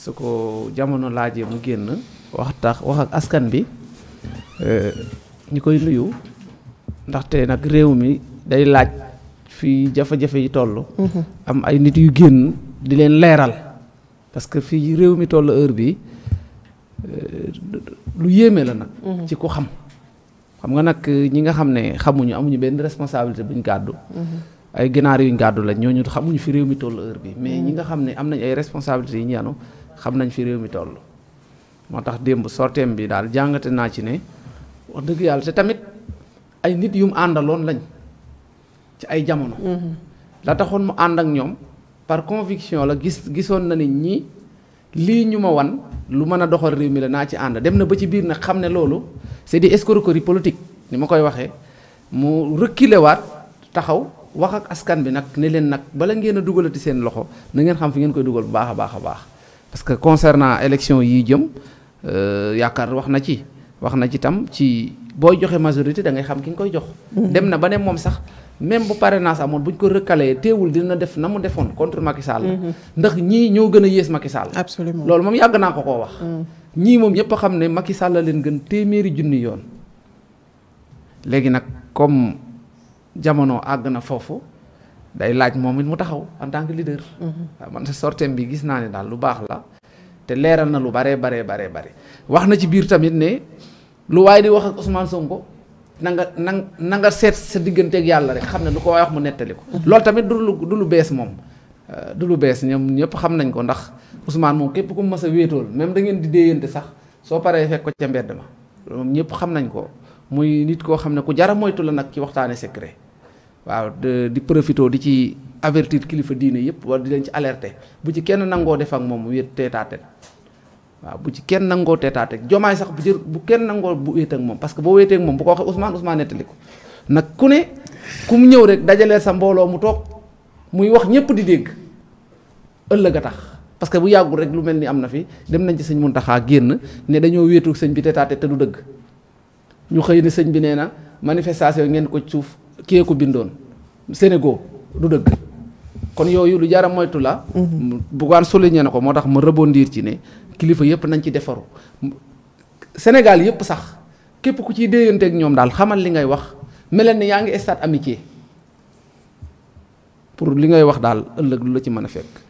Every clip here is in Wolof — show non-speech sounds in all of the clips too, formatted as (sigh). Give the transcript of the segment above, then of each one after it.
su ko jamono laajee mu génn wax tax wax ak askan bi eh, ñu koy nuyu ndaxte nag réew mi day laaj fii jafe-jafe yi toll mhm. am ay nit yu génn di leen leeral parce que fii réew mi toll heure bi eh, lu yéeme la nag mhm. ci ku xam xam nga nag eh, ñi nga xam ne xamuñu amuñu benn responsabilité buñ gàddu mhm. ay ginaar yuñ gàddu lañ ñooñu xamuñu fi réew mi toll heure bi mais ñi nga xam ne am nañ ay responsabilités yi ñu yanu xam nañ fi réew mi toll moo tax démb sorteem bi daal jàngate naa ci ne wax dëgg yàlla te tamit ay nit yum mu àndaloon lañ ci ay jamono mm-hmm. la taxoon mu ànd ak ñoom par conviction la gis gisoon na nit ñi lii ñu ma wan lu mën a doxal réew mi la naa ci ànd dem na ba ci biir nag xam ne loolu c'est des escroqueries politique ni ma koy waxee mu reculer waat taxaw wax ak askan bi nag ne leen nag bala ngeen a dugalati seen loxo na ngeen xam fi ngeen koy dugal bu baax a baax parce que concernant élection yi jëm euh, yaakaar wax na ci wax na ci tam ci boo joxe majorité da ngay xam ki nga koy jox. Mm-hmm. dem na ba ne moom sax même bu parrainage amoon bu ñu ko recalé teewul dina def na mu defoon contre Macky Sall. Mm-hmm. ndax ñii ñoo gën a yées Macky Sall. absolument loolu moom yàgg naa ko koo wax. Mm. ñii moom ñëpp xam ne Macky Sall la leen gën téeméeri junni yoon léegi nag comme jamono àgg na foofu. day laaj moom it mu taxaw en tant que leader. waaw mhm. ah, man sa sortem bi gis naa ne daal lu baax la te leeral na lu baree baree baree bare wax na ci biir tamit ne lu waaye di wax ak Ousmane Sonko na nga na nga seet sa digganteeg yàlla rek xam ne lu ko waaye wax mu nettali ko. Mhm. loolu tamit du lu du lu bees moom ah, du lu bees ñoom ñëpp xam nañ ko ndax Ousmane moom képp ku mas a wéetool même da ngeen di déeyante sax soo paree fekk ko ca mbedd ma moom ñëpp xam nañ ko muy nit koo xam ne ku jara moytu la nag ci waxtaane secret. waaw di profité di ci avertir kilifa diine yëpp wala di leen ci alerter bu ci kenn nangoo def ak moom wéet teetaatet waaw bu ci kenn nangoo teetaatet jomaay sax bu jër bu kenn nangoo bu wéet moom parce que boo wéetee moom bu ko waxee Ousmane Ousmane nettali ko nag ku ne ku mu ñëw rek dajaleel sa mbooloo mu toog muy wax ñëpp di dégg ëllëg a tax parce que bu yàggul rek lu mel ni am na fi dem nañ ci sëñ Muntaxa génn ne dañoo wéetu sëñ bi teetaatet te du xëy sëñ bi nee na manifestation ngeen ko ci kii ko bindoon Sénégal du dëgg kon yooyu lu jara moytu la mm-hmm. Bougane souligné ne ko moo tax ma rebondir ci ne kilifa yëpp nañ ci defaru Sénégal yëpp sax képp ku ciy déyanteeg ñoom daal xamal li ngay wax melal ni yaa ngi stade amitié pour li ngay wax daal ëllëg lu la ci mën a fekk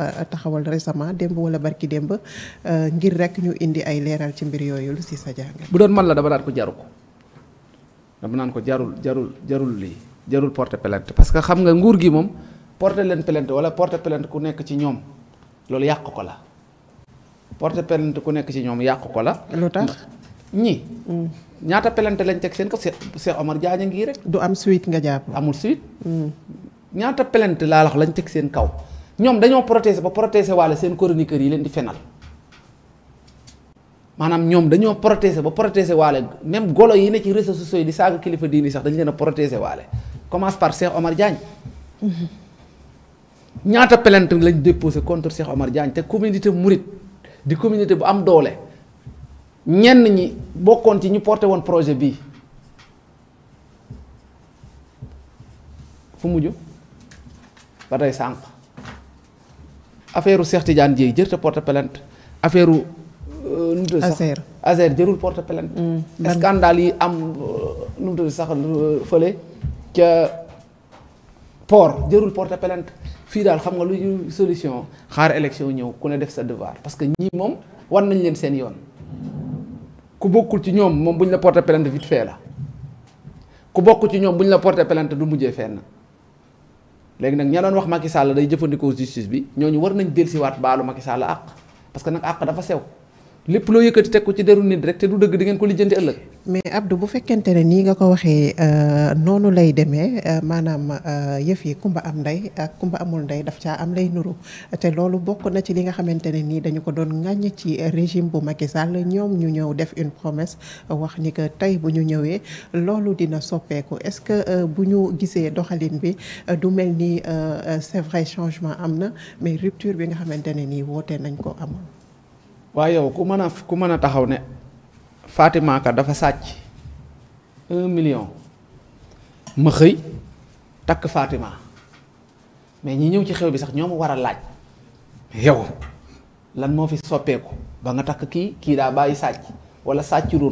Eh, taxawal récemment demb wala barki demb eh, ngir rek ñu indi ay leral ci mbir yoyu lu ci sa jang bu doon man la dama naan ko jaru ko dama nan ko jarul jarul jarul li jarul porte plainte parce que xam nga nguur gi mom porte len plainte wala porte plainte ku nekk ci ñom lolu yak ko la porte plainte ku nekk ci ñom yak ko la. lu ñi. Mm. ñaata plainte lañ tek seen ko Cheikh Omar Diagne ngi rek. du am suite nga japp amul suite. Mm. ñaata pelante la wax lañ tek seen kaw ñoom dañoo protéger ba protéger waale seen chroniqueurs yi leen di fenal maanaam ñoom dañoo protéger ba protéger waale même golo yi ne ci réseaux sociaux yi di saaga kilifa diini sax dañ leen protéger waale commence par Cheikh Omar Diagne. Mm-hmm. ñaata plainte lañ déposé contre Cheikh Omar Diagne te communauté Mouride di communauté bu am doole ñenn ñi bokkoon ci ñu porté woon projet bii fu mujj ba tey affaire u Cheikh Tidiane Dièye porte plainte affaire euh nu mu tudd Azer jërul porte plainte mm. scandale yi am euh, nu mu tudd sax euh, fële ca port jërul porte plainte fi dal xam nga lu solution xaar élection ñew ku ne def sa devoir parce que ñi mom war nañ leen sen yoon ku bokul ci ñom mom buñ la porte plainte vite fait la ku bokku ci ñom buñ la porte plainte du mujjé fenn léegi nag ña doon wax Macky Sall day jëfandikoo justice bi ñoo ñooñu war nañ dellusiwaat baalu Macky Sall àq parce que nag àq dafa sew. lépp loo yëkkati teg ko ci deru nit rek te du dëgg di ngeen ko lijjanti ëllëg. mais abdu bu fekkente ne nii nga ko waxee euh, noonu lay demee euh, maanaam euh, yëf yi kumba am ndey ak kumba amul ndey daf caa am lay nuru te loolu bokk na ci li nga xamante ne nii dañu ko doon ŋàññ ci régime bu Macky Sall ñoom ñu ñëw def une promesse wax ni que tey bu ñu ñëwee loolu dina soppeeku est-ce que bu ñu gisee doxalin bi du mel nii c'est vrai changement am na mais rupture bi nga xamante ne nii woote nañ ko amul. waaye yow ku mën a taxaw ne Fatima ka dafa un million ma xëy takk Fatima mais ñi ñëw ci xew bi sax ñoo ma a laaj yow lan moo fi ba nga wala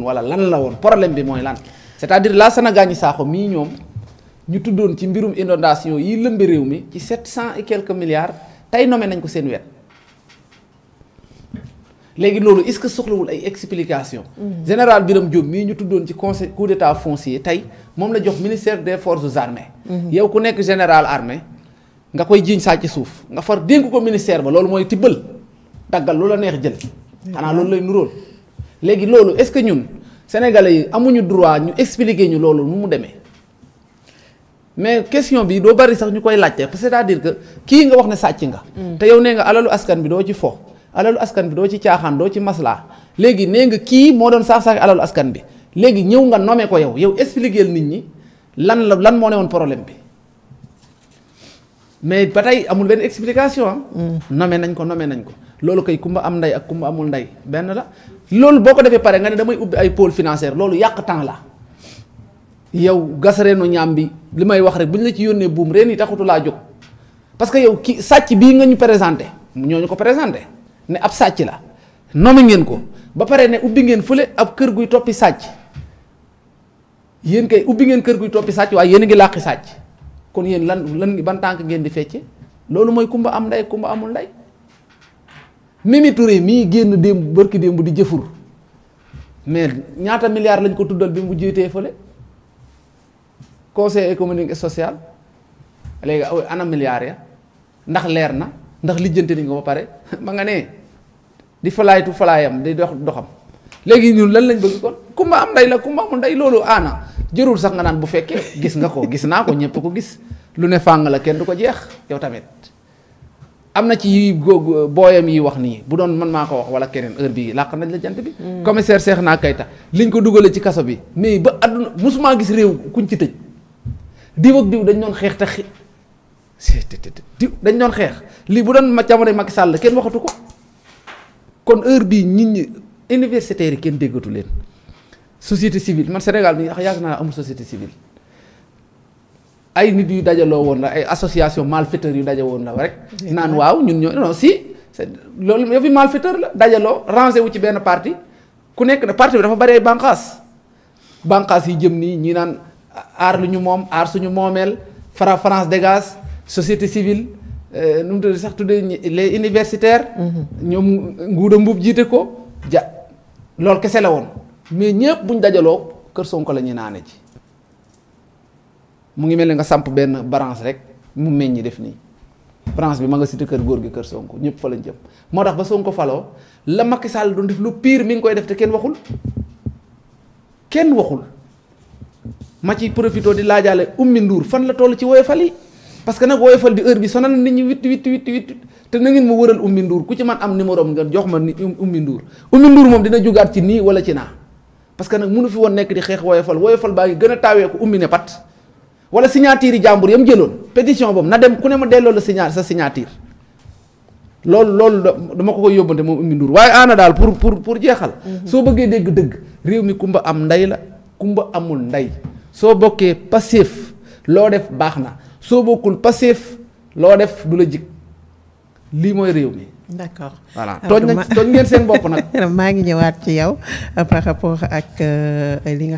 wala lan la woon problème bi mooy lan c'est-à-dire que sana saaxo mii ñoom ñu tuddoon ci mbirum inondation yi lëmbi mi ci et quelques milliards tey nañ ko Légui lolu est-ce que soxlawul ay explication mm-hmm. général Birame Diop mi ñu ci conseil coup d'état foncier tay ministère des forces armées mm-hmm. yow ku le général armé. nga koy souf nga far denk ko ministère ba ministère. tibbal neex jël mm-hmm. ana lolu lay légui lolu est-ce que ñun sénégalais yi amuñu droit ñu expliquer ñu lolu Nous mu Mais mais question bi do bari sax c'est-à-dire que qui est wax né de nga mm. te yow né nga alalu askan bi ci alalu askan bi doo ci caaxaan doo ci maslaa léegi nee nga kii moo doon sax sax alalu askan bi léegi ñëw nga nomee ko yow yow expliqueel nit ñi lan la lan moo ne woon problème bi mais ba tey amul benn explication am. Ah. Mm. nomee nañ ko nomee nañ ko. loolu koy kumba am ndey ak kumba amul ndey benn la loolu boo ko defee pare nga ne damay ubbi ay pôle financière loolu yàq temps la yow gas reenu ñaam bi li may wax rek bu ñu la ci yónnee buum reen yi taxutu laa jóg parce que yow ki sàcc bii nga ñu présenté ñoo ñu ko présenté. ne ab sàcc la nommé ngeen ko ba pare ne ubbi ngeen fële ab kër guy toppi sàcc yéen kay ubbi ngeen kër guy toppi sàcc waaye yéen ngi làqi sàcc kon yéen lan lan ban tànk ngeen di fecce loolu mooy kumba am ndey kumba amul ndey Mimi Touré mii génn démb bërki démb di jëfur mais ñaata milliards lañ ko tuddal bi mu jiitee fële conseil économique social léegi anam milliards ya ndax leer na ndax lijjante ni nga ba pare ba (laughs) nga nee di falaaytu falaayam di dox doxam léegi ñun lan lañ bëgg kon kumba am ndey la kumba amul ndey loolu aana jërul sax nga naan bu fekkee gis nga ko gis naa ko ñëpp ko gis lu ne fànn la kenn du ko jeex yow tamit am na ci booyam yi wax nii bu doon man maa ko wax wala keneen heure bi làq nañ la jant bi mm. commissaire Cheikhna Keita liñ ko dugale ci kaso bi mais ba àdduna mosumaa gis réew kuñ ci tëj diw ak diw dañ doon xeex te xi diw dañ doon xeex lii bu doon jamono Macky Sall kenn waxatu ko kon heure bi nit ñi universitaires yi kenn déggatu leen société civile man Sénégal bi yàgg naa amul société civile ay nit yu dajaloo woon la ay association malfaiteur yu daje woon la rek. naan waaw ñun ñoo non si. loolu yow fi malfaiteur la dajaloo rangé wu ci benn parti ku nekk na parti bi dafa bari ay bànqaas bànqaas yi jëm nii ñi naan aar lu ñu moom aar suñu moomeel fara France dégage société civile. Euh, nu mu tudd sax tuddee les universitaires. Mhm. ñoom nguuda mbub jiite ko ja loolu kese la woon mais ñëpp buñ dajaloo kër Sonko la ñuy naane ci mu ngi mel ni nga samp benn branche rek mu meññi def nii branche bi ma nga cité kër góor gi kër Sonko ñëpp fa lañ jëm moo tax ba Sonko faloo la Macky Sall doon def lu pire mi ngi koy def te kenn waxul kenn waxul ma ci profité di laajaale Oumy Ndour fan la toll ci woyofal yi parce que nag woyofal bi heure bi sonal nit ñi witt witt witt witt te na ngeen ma wëral ummi nduur ku ci man am numéro nga jox ma ni ummi nduur ummi nduur moom dina jugaat ci nii wala ci naa parce que nag mënu fi woon nekk di xeex woyofal woyofal baa ngi gën a taawee ko ummi ne pat wala signature yi jàmbur yam jëloon pétition boobu na dem ku ne ma delloo la signature sa signature loolu loolu dama ko koy yóbbante moom ummi nduur waaye aana daal pour pour pour jeexal mhm. soo bëggee dégg dëgg réew mi kumba am ndey la kumba amul ndey soo bokkee passif loo def baax na soo bokkul passif loo def du la jig lii mooy réew mi. d' accord voilà tooñ na tooñ ngeen seen bopp nag. (laughs) maa ngi ñëwaat ci yow par rapport ak euh, li nga.